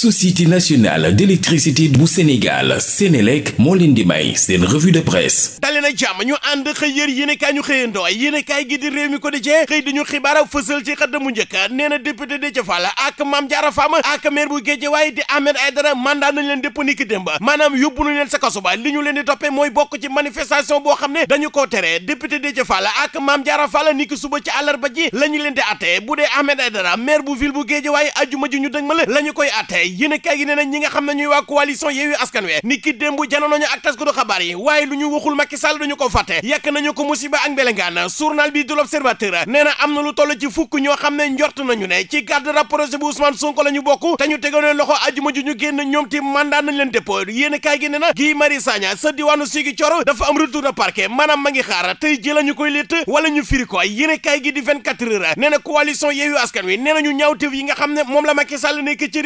société nationale d'électricité bu Sénégal Sénélec moo leen di may seen revue de presse dali na ñu ànd xëy yër yéenekaay ñu xëyandoo yéenekaay gi di réew mi ko di cee xëy dañu xibaar fësal ci xëdd mu njëkk nee na député Déthié Fall ak Mame Diarra Fam ak maire bu Guédiawaye di Ahmed Aïdara mandat nañ leen dépp niki démb maanaam yóbbu nañ leen sa kaso li ñu leen di toppee mooy bokk ci manifestation boo xam ne dañu ko tere député Déthié Fall ak Mame Diarra Fam niki suba ci àllarba la ñu leen di attee bu dee Ahmed Aïdara maire bu ville bu Guédiawaye ajuma ji ñu dëgmal attee yéen a kaay gi nee ñi nga xam ne ñuy waa coalition Yewwi Askan Wi ni ki démb jano nañu ak taskatu xabaar yi waaye lu ñu waxul Macky duñu ko fàtte yàq nañu ko musiba ak mbelengaan journal bi du l'Observateur nee am na lu toll ci fukk ñoo xam ne njort nañu ne ci garde rapproché bu Ousmane Sonko la ñu bokk te ñu tegoon loxo ajuma ju ñu génn ñoom ti mandat leen dépôt yéen a kaay gi nee na Guy Marius Sagna sa diwaanu Ziguinchor dafa am retour a kaay na coalition Yewwi ne moom la Macky Sall nekk ci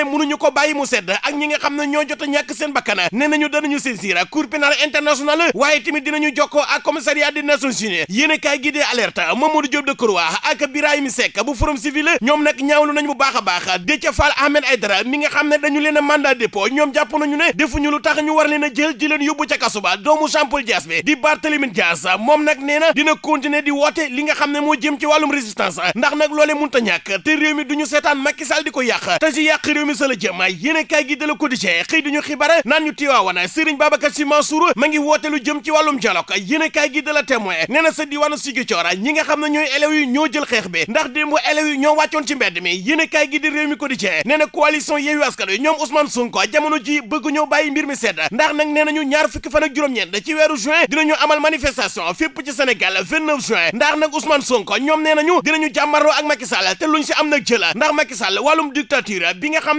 loolee mënuñu ko bàyyi mu sedd ak ñi nga xam ne ñoo jot a ñàkk seen bakkan nee nañu danañu saisir cour pénale internationale waaye tamit dinañu jokkoo ak commissariat des nations unies yéen a kaay gi dee alerte Mamadou Diop Decroix ak Birahim Seck bu forum civil ñoom nag ñaawlu nañu bu baax a baax Déthié Fall Ahmed Aïdara mi nga xam ne dañu leen a mandat dépôt ñoom jàpp nañu ne defuñu lu tax ñu war leen a jël ji leen yóbbu ca kaso ba doomu Jean Paul li nga xam ne moo jëm ci wàllum résistance ndax nag loolee mënta ñàkk te réew mi duñu seetaan Macky Sall di ko yàq te misala jëm yéene kaay gi de la Quotidien xëy duñu naan ñu Tiwaawan Serigne Babacar Sy Mansour ma ngi woote lu ci wàllum dialogue yéene kaay gi de la Témoin nee na sa ñi nga xam ne ñooy élèves yi ñoo jël xeex bi ndax démb élèves yi ñoo wàccoon ci mbedd mi yéene kaay gi di Rewmi Quotidien nee na coalition Yewwi Askan Wi ñoom Ousmane Sonko jamono ji bëgg ñoo bàyyi mbir mi sedd ndax nag nee nañu ñaar fukki fan juróom-ñeent ci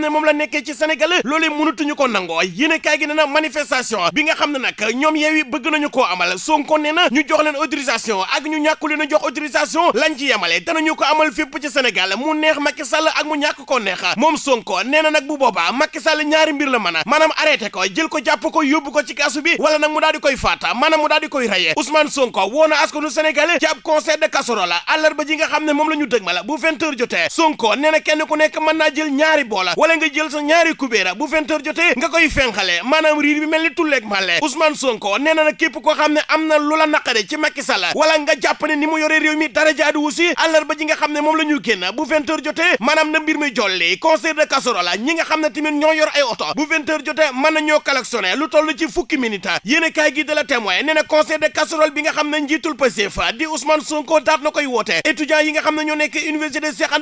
ne moom la nekkee ci Sénégal loolee mënatuñu ko nangoo yéen a kaay gi ne na manifestation bi nga xam ne nag ñoom yeewi bëgg nañu koo amal Sonko nee na ñu jox leen autorisation ak ñu ñàkku leen a jox autorisation lañ ci yemale danañu ko amal fépp ci Sénégal mu neex Macky Sall ak mu ñàkk ko neex moom Sonko nee na nag bu boobaa Macky Sall ñaari mbir la mën a maanaam arrêté ko jël ko jàpp ko yóbbu ko ci kasu bi wala nag mu daal di koy faata maanaam mu daal di koy rayee Ousmane Sonko woo na askanu Sénégal ci ab concert de casserole àllarba ji nga xam ne moom la ñu dëgmal bu 20 heures jotee Sonko nee na kenn ku nekk mën naa jël ñaari boola wala nga jël sa ñaari kubéera bu vingt heures nga koy fenxale maanaam riir bi mel ni tulleeg male Ousmane Sonko nee na nag képp koo xam ne am na lu la naqare ci Macky Sall nga jàpp ne ni mu yore réew mi dara jaaduwu si àllarba ji nga xam ne moom la ñu génn bu vingt heures jotee maanaam na mbir mi jolli concert de casserole ñi nga xam ne tamit ñoo yor ay oto bu vingt heures jotee mën na ñoo klaxonné lu toll ci fukki minute yéen a kaay gi de la témoin nee na concert de casserole bi nga xam ne na koy woote étudiants ne ñoo nekk université Cheikh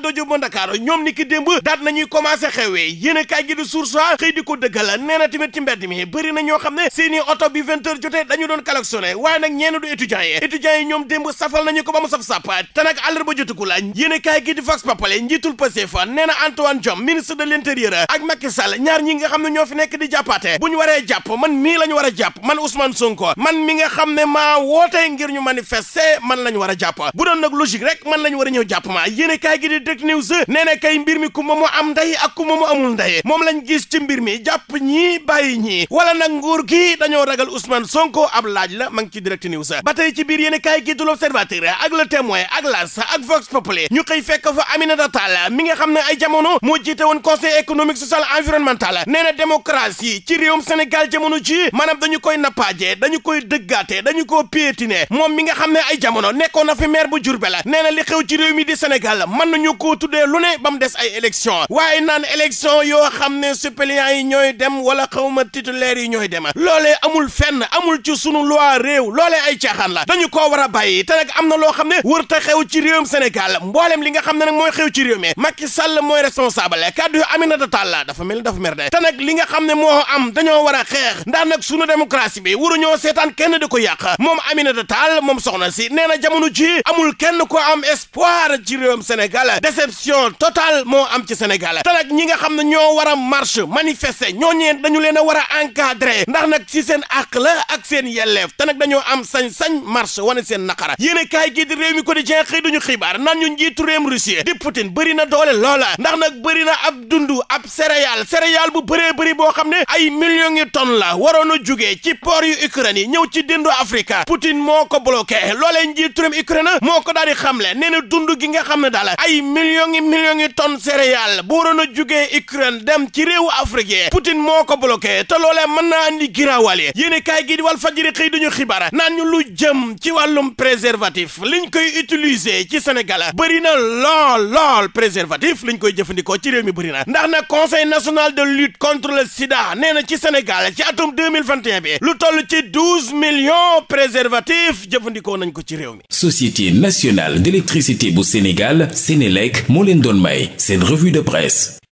Anta nelawee yéen a gi di source xëy di ko dëggala nee na tamit ci mbedd mi ñoo xam ne seeni oto bi vingt heures dañu doon klaxonné waaye nag ñeena du étudiants yi étudiants yi ñoom démb safal nañu ko ba mu saf sàpp te nag àllarba jotugu la yéen a gi di vox papale njiitul Pastef nee na Antoine Diome ministre de l'intérieur ak Macky Sall ñaar ñi nga xam ne ñoo fi nekk di jàppaate bu ñu waree jàpp man mii la ñu a jàpp man Ousmane Sonko man man mi mu amul ndaye moom lañ gis ci mbir mi jàpp ñii bàyyi ñii wala nag nguur gi dañoo ragal Ousmane Sonko ab laaj la ma ngi ci direct sa ba tey ci biir yéen kaay gi du l'observateur ak le témoin ak las ak vox populi ñu xëy fekk fa Aminata Tall mi nga xam ne ay jamono moo jiite woon conseil économique social environnemental nee na démocratie ci réewum Sénégal jamono ji maanaam dañu koy nappaaje dañu koy dëggaate dañu ko piétiner moom mi nga xam ne ay jamono nekkoon na fi maire bu Diourbel nee na li xew ci réew mi di Sénégal mën nañu ko tuddee lu ba mu des ay élection waaye naan élection yoo xam ne suppléants yi ñooy dem wala xawma titulaires yi ñooy dem loole amul fenn amul ci sunu loi réew loole ay caaxaan la dañu koo war a bàyyi te am na loo xam ne wër ta xew ci réewum Sénégal mbooleem li nga xam ne nag mooy xew ci réew mi Macky Sall mooy responsable kàddu yu Aminata la dafa mel dafa mer de te nag li nga xam ne moo am dañoo war a xeex ndax nag sunu démocratie bi waruñoo seetaan kenn di ko yàq moom Aminata Tall moom soxna si nee na jamono ji amul kenn ko am espoir ci réewum Sénégal déception totale moo am ci Sénégal xam na ñoo war a marche ñoo ñooñee dañu leen a war a encadrer ndax nag ci seen àq la ak seen yelleef te nag dañoo am sañ-sañ marche wane seen naqara yéen kaay gi di réew mi quotidien xëy duñu xibaar nan ñu njiitu réewum Russie di Poutine bëri na doole loola ndax nag bëri na ab dund ab céréale céréale bu bëree bëri boo xam ne ay millions ngi tonnes la waroon a jugee ci port yu Ukraine yi ñëw ci dindu Afrique Poutine moo ko bloqué loole njiitu réewum Ukraine moo ko daal di xamle nee na dund gi nga xam ne daal ay millions ngi millions ngi tonnes céréale bu waroon a jugee Ukraine dem ci réew Afrique yi Poutine moo ko bloqué te loolee mën naa andi giraawaal yi yéen kaay gi di Walf Fadjri xëy duñu xibaar naan ñu lu jëm ci wàllum préservatif ñu koy utiliser ci Sénégal bëri na lool lool préservatif liñ koy jëfandikoo ci réew mi bëri na ndax na conseil national de lutte contre le sida nee na ci Sénégal ci atum 2021 bi lu toll ci 12 millions préservatifs jëfandikoo nañ ko ci réew mi. Société nationale d'électricité bu Sénégal Sénélec moo leen doon may seen revue de presse.